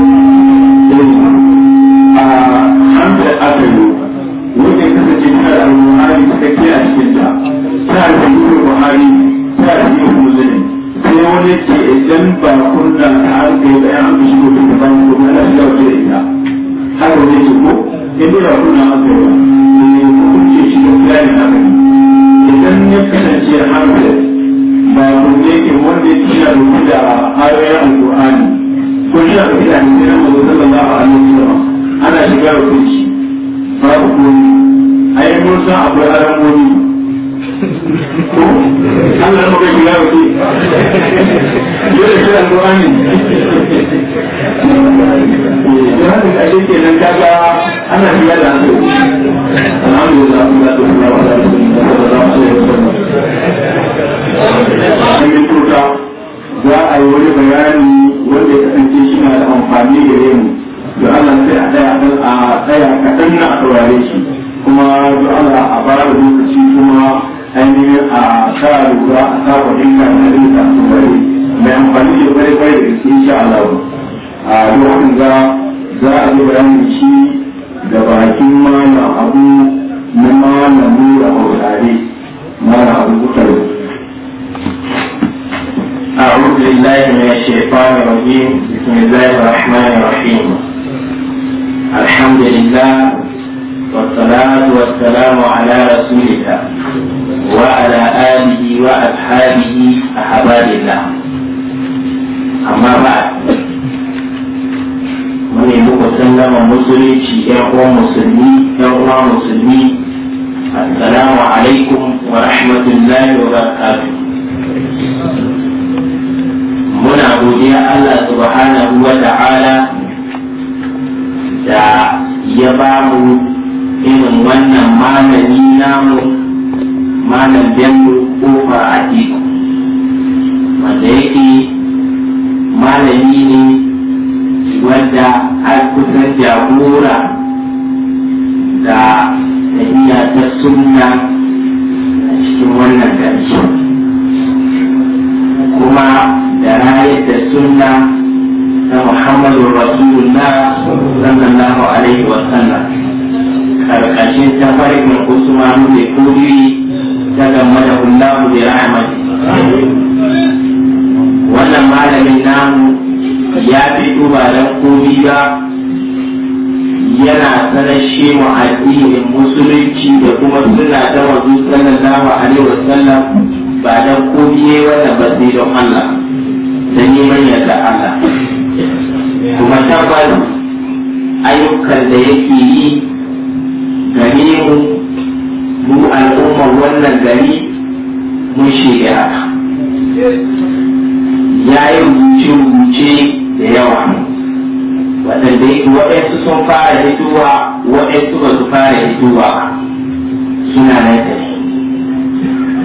ya ba mu irin wannan malami namu malam bello kofa a teku wanda yake malami ne wanda har kusan jagora da tafiya ta sunna a cikin wannan gari kuma da rayar da sunna محمد رسول الله صلى الله wa sallam karkashin ta farkin usmanu da kuri ta gama da hullahu da rahmat wannan malamin namu ya fi ba don komi ba yana sanashe mu addinin musulunci da kuma suna ta wazu sallallahu alaihi sallam ba don komi ne wannan ba sai don Allah da neman yadda Allah kuma tabbas ayyukan da yake yi gare mu mu al'ummar wannan gari mun shirya ya yi rubuce-rubuce da yawa waɗanda waɗansu sun fara hituwa waɗansu ba su fara hituwa suna nan tafi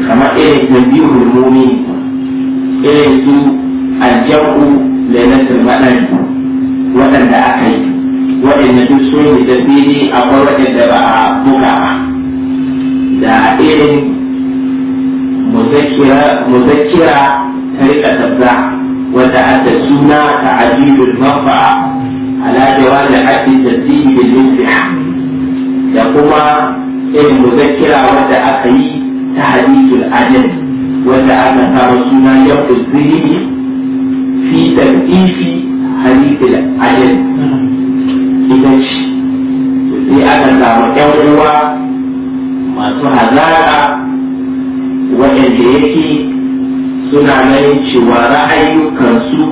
kamar irin zambi hulmomi irin su aljabu lailatul madani waɗanda aka yi waɗanda duk so yi da fili akwai waɗanda ba a buga ba da irin muzakira ta riƙa tabza wanda a da suna ta ajiyar mafa'a ala jawabin da tasiri da jinsiya da kuma irin muzakira wanda aka yi ta hadisul ajin wanda aka samu suna yau da zihiri fi hari da ajin idan sai aka samu yan uwa masu hazara waɗanda yake suna ganin cewa ra'ayyukansu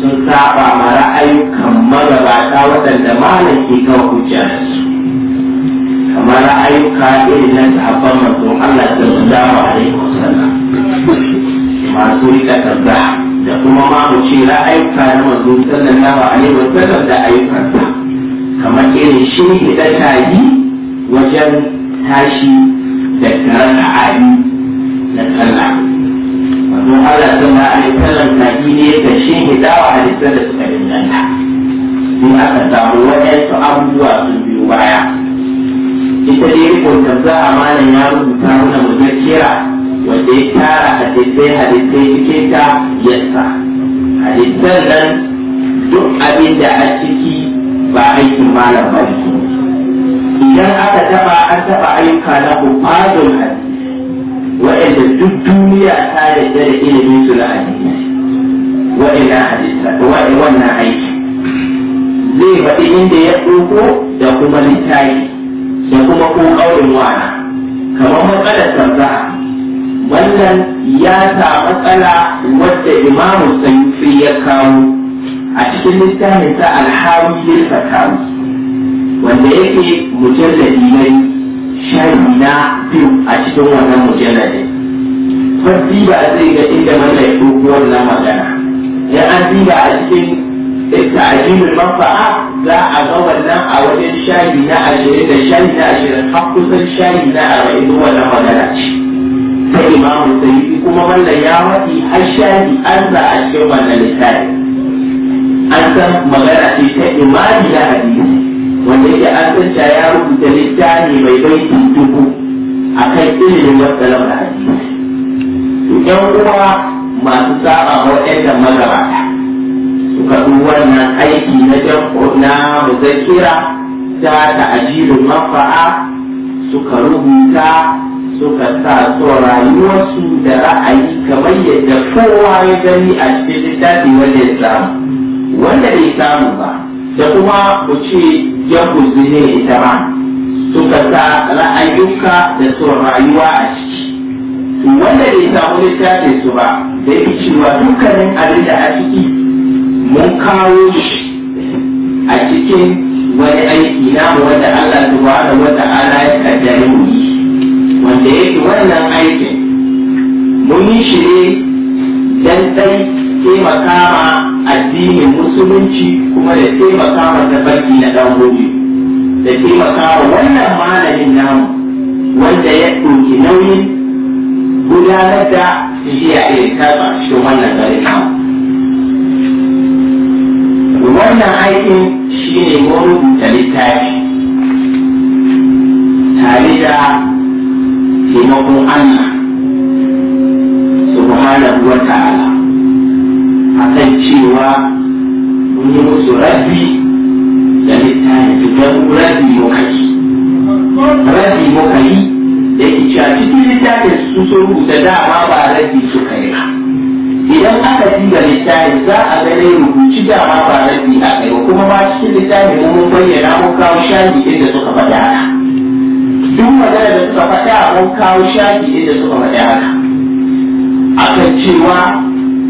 sun saba ma ra'ayyukan magabata waɗanda malam ke kan hujja da su kamar ra'ayyuka irin na sahabban manzon Allah a alaihi wasallam masu rika kaza da kuma ma mu ce ra'ayuka na manzo sallallahu alaihi wa sallam da ayyukansa kamar irin shi da tayi wajen tashi da karar ali da sallah wato Allah sallallahu alaihi wa sallam tayi ne da shi wa hadisan da suka danganta sai aka samu waɗansu abubuwa sun biyo baya ita dai rikon za a malam ya rubuta mana muzakkira wanda ya tara hadisai hadisai cikin ta yasa hadisan nan duk abin da a ciki ba aikin malam ba idan aka taba an taba ayyuka na hufadul hadisi wa'anda duk duniya ta yarda da ilimin su na hadisi wa'ina wannan aiki zai faɗi inda ya ɗauko da kuma littafi da kuma ko ƙaurin wana kamar matsalar tambaha wannan ya sa matsala wadda imamu sanfi ya kawo a cikin littafin sa alhawi ya kawo wanda yake mujalladi ne sharhi na biyu a cikin wannan mujalladi farki ba zai ga inda mana ya ɗauko wannan magana ya an diba a cikin ta'ajimul manfa'a za a ga wannan a wajen shahi na ashirin da shahi na ashirin har kusan shahi na arba'in wannan magana ce na imamu sayyidi kuma wannan ya faɗi hashari an za a cikin wannan littafi an san magana ce ta imami na hadisi wanda yake an san ya rubuta littafi mai baiti dubu a kan ilimin matsalar da hadisi yan uwa masu saba waɗanda magabata suka wannan aiki na na muzakira ta ta'ajilul mafa'a suka rubuta suka sa so rayuwarsu da ra'ayi kamar yadda kowa ya gani a cikin littafi wanda ya samu wanda bai samu ba da kuma ku ce jabu ne ita ma suka sa ra'ayuka da so rayuwa a ciki wanda bai samu littafin su ba da yake cewa dukkanin abin da a ciki mun kawo shi a cikin wani aiki na wanda Allah subhanahu wa ta'ala ya kaddare mu yi wanda yake wannan aikin mun yi shi ne dan dai taimaka ma addinin musulunci kuma da taimaka ma tafarki na dan da taimaka ma wannan malamin namu wanda ya ɗauki nauyin gudanar da tafiya irin kasa shi wannan garin namu wannan aikin shi ne mun rubuta littafi tare da taimakon Allah subhanahu wa ta'ala kan cewa mun yi musu rabbi da littafi don rabbi mu rabi rabbi mu kai da ke cewa cikin littafin su sun rubuta da ba rabi su kai ba idan aka da littafin za a gane rubuci dama ba rabi a kai kuma ma cikin littafin mun bayyana mun kawo shayi inda suka faɗa duk magana an kawo shafi da suka faɗi haka a kan cewa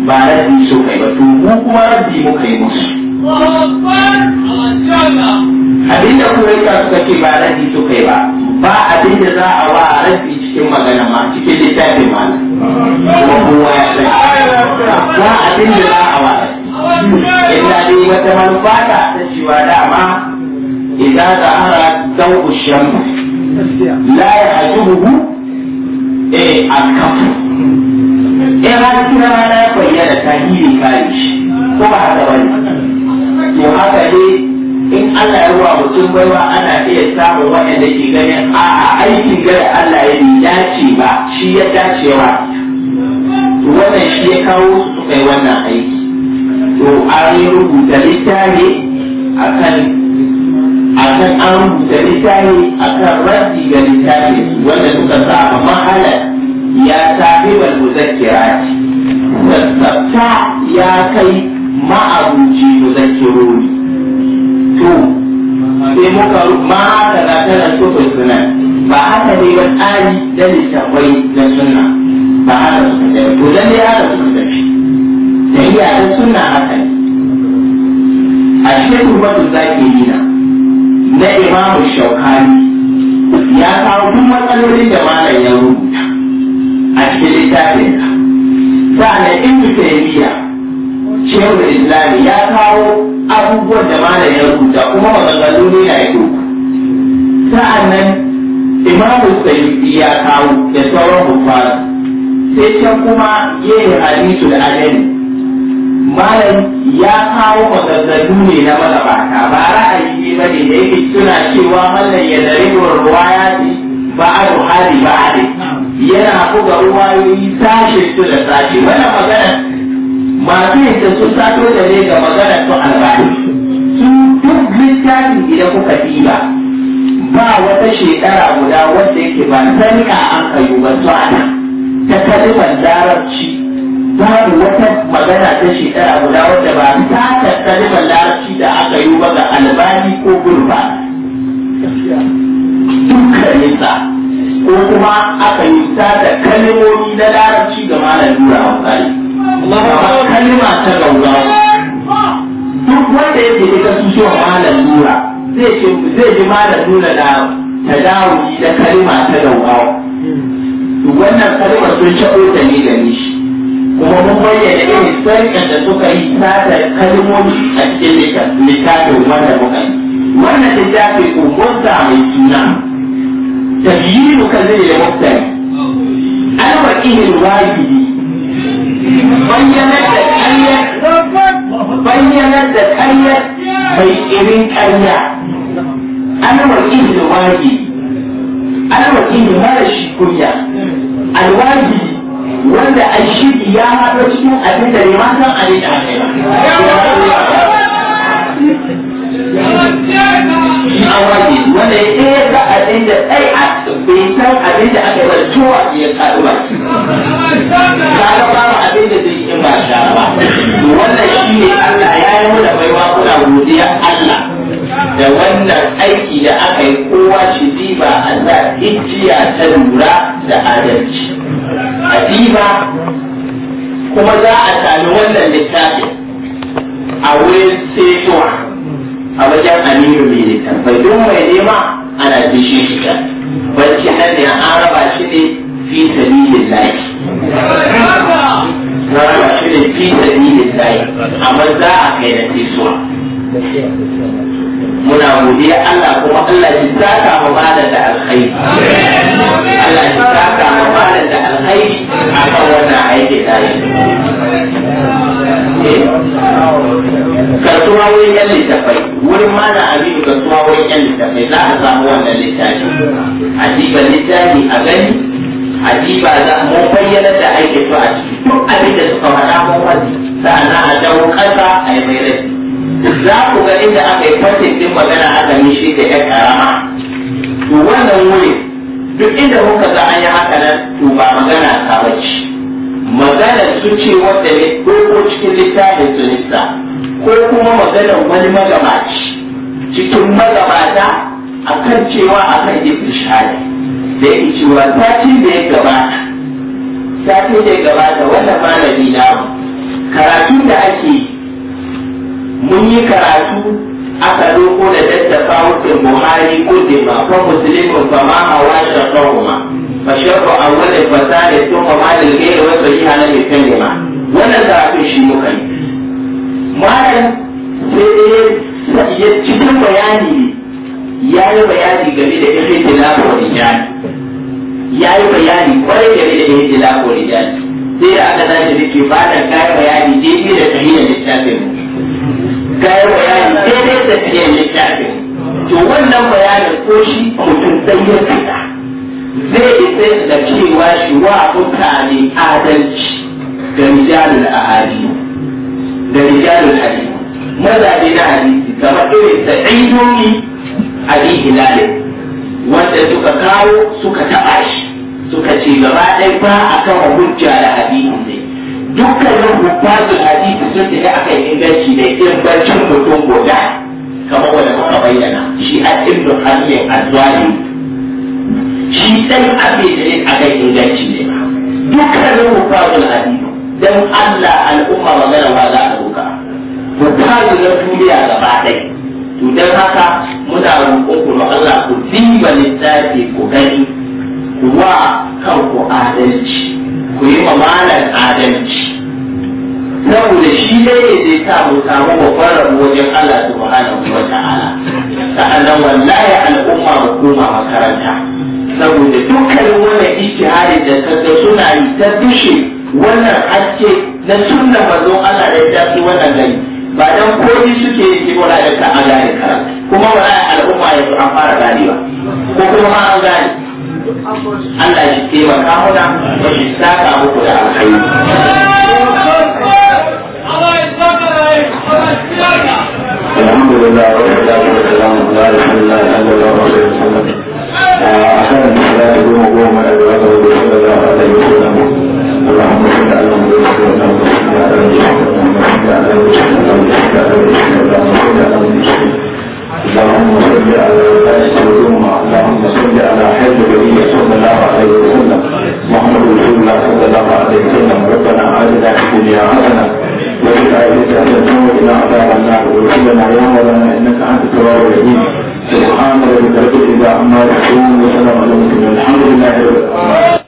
ba rabi so kai ba to mu kuma rabi muka kai musu abinda kuma yasa suka ce ba rabi so kai ba ba abinda za a wa rabi cikin magana ma cikin littafin ma kuma kowa ya sani ba abinda za a wa illa dai wata manufa ta cewa dama idan hara dawu shamsi la ya ajubuhu eh akafu eh har kira ma na koyya da tahiri kare shi ko ba haka bane to haka dai in Allah ya ruwa mutum baiwa ana iya samun waɗanda ke ganin a aikin gare Allah ya dace ba shi ya dacewa wannan shi ya kawo su kai wannan aiki to an rubuta littafi akan akan an rubuta littafi akan raddi ga littafi wanda suka sa mahala ya sahibal muzakkira tsabta ya kai ma'abuci ne to sai muka ma haka na tana sufin suna ba haka ne ba tsari da littafai na suna ba haka suka tafi to lalle haka suka tafi da iya suna haka ne a shekaru masu zakirina na imamu shaukani ya kawo duk matsalolin da malam ya rubuta a cikin littafin sa'annan ibnu taymiya shehu islami ya kawo abubuwan da malam ya rubuta kuma maganganu ne na yau sa'annan imamu sayyidi ya kawo da sauran bukhari sai can kuma yayin da adami malam ya kawo maganganu ne na magabata ba ra'ayi ne ba ne da yake suna cewa mallan ya dare ruwa ya ce ba a ruhari ba a ne yana buga yi sashe su da sashe wannan magana masu yin su sato da ne ga magana su albani su duk littafin idan kuka diba ba wata shekara guda wanda yake ba sani a an kayu ba su ana ta zarar ci. babu wata magana ta shekara guda wadda ba ta tattalimar larabci da aka yi ba ga albani ko gurba dukkaninsa ko kuma aka yi ta da kalmomi na larabci ga malam nura hankali kalma ta gaugawa duk wanda yake da kasusuwan malam nura zai ji malam nura na dawo da kalma ta gaugawa wannan kalmar sun shaɓo ta ne gare shi kuma mun bayyana irin sarƙar da suka yi sata kalmomi a cikin littafin wanda muka yi wannan littafi da muftari an waƙihin wajibi bayyanar da irin wajibi kunya alwajibi wanda a shiri ya haɗo cikin abin da ne matan a yi da shi a wani wanda ya ɗaya za a abin da ɗai a bai san abin da aka yi ba tuwa ya kaɗu ba ya ga babu abin da zai yi ba sha ba wannan shi ne Allah ya yi mana baiwa kuna godiya Allah da wannan aiki da aka yi kowa shi ba Allah ijiya ta lura da adalci adiba kuma za a sami wannan littafin a wurin setuwa a wajen aminu mai bai don mai nema ana bishe shi ta barci har ne an raba shi ne fi sabilin lafi na raba shi ne fi sabilin lafi amma za a kai na setuwa muna godiya Allah kuma Allah ya saka mu malam da alkhairi Allah ya saka mu malam da alkhairi akan wannan aiki da yi eh? kasuwa wurin yan littafai wurin mana aminu kasuwa wurin yan littafai za a samu wannan littafi a jiban littafi a gani a jiba za mu bayyana da aiki su a ciki duk abin da suka faɗa mun wani sa'an a dawo ƙasa a yi mai rai za ku ga inda aka yi fasin din magana aka shi da yan karama to wannan wuri duk inda kuka ga an yi haka nan to ba magana ta bace magana su ce wanda ne ko ko cikin littafin sunista ko kuma magana wani magabaci cikin magabata akan cewa akan istishhadi da yake cewa sati da ya gabata sati da ya gabata wannan malami namu karatun da ake yi mun yi karatu aka ko da daddafa hukun buhari da ba ko musulmin ba ma a washe ɗauma ba ko a wani fasari sun ba ma da gaya wasu yi hana mai sani ma wannan zafin shi muka yi malam sai ya cikin bayani ya yi bayani game da irin tilafa wani jani ya yi bayani kwarai game da irin tilafa wani jani sai da aka zaje da ke ba da kayan bayani daidai da sahihin littafin mu ga bayani daidai da fiye littafin to wannan bayanin ko shi mutum sai ya fita zai isa da cewa shi wa mutane adalci da rijalul ahadi da rijalul hadisi mazaje na hadisi kamar irin da ɗaiɗoyi a hilalin wanda suka kawo suka taɓa shi suka ce gaba ɗaya ba a kan hujja da hadisi dukkanin hukumar hadisi sun tafi yi inganci da irin barcin mutum guda kamar wanda muka bayyana shi a ibnu hamlin azwali shi dan aka yi inganci ne dukkanin hukumar hadisi dan Allah al'umma magana ba za a roka hukumar na duniya gaba ɗaya to dan haka muna roƙon ku Allah ku diba littafi ku gani ku wa kanku adalci ku yi wa malam adalci saboda shi ne ne zai sa mu samu babban wajen Allah subhanahu wa ta'ala sa'annan wallahi al'umma mu koma makaranta saboda dukkanin wannan ijtihadi da kaga suna yi ta dushe wannan ake na sunna manzon Allah da ya wannan gari ba dan koyi suke yi ki bora da ta'ala da kuma wala al'umma ya fara ganewa ko kuma an gane Allah shi taimaka muna ba shi saka muku da alkhairi الحمد لله والصلاة والسلام على رسول الله صلى الله عليه وسلم أحسن الصلاة والسلام على رسول الله صلى الله عليه وسلم اللهم صل على محمد وعلى آله وصحبه وسلم اللهم صل على محمد وعلى آله وصحبه وسلم اللهم صل على محمد وعلى آله وصحبه وسلم اللهم صل على فارس الأمة اللهم صل على حي النبي صلى الله عليه وسلم محمد رسول الله صلى الله عليه وسلم ربنا عادنا في الدنيا حسنة وفي الآخرة حسنة وقنا عذاب النار وكلنا يا مولانا إنك أنت التواب الرحيم سبحان ربك رب العزة عما يصفون وسلام على المرسلين الحمد لله رب العالمين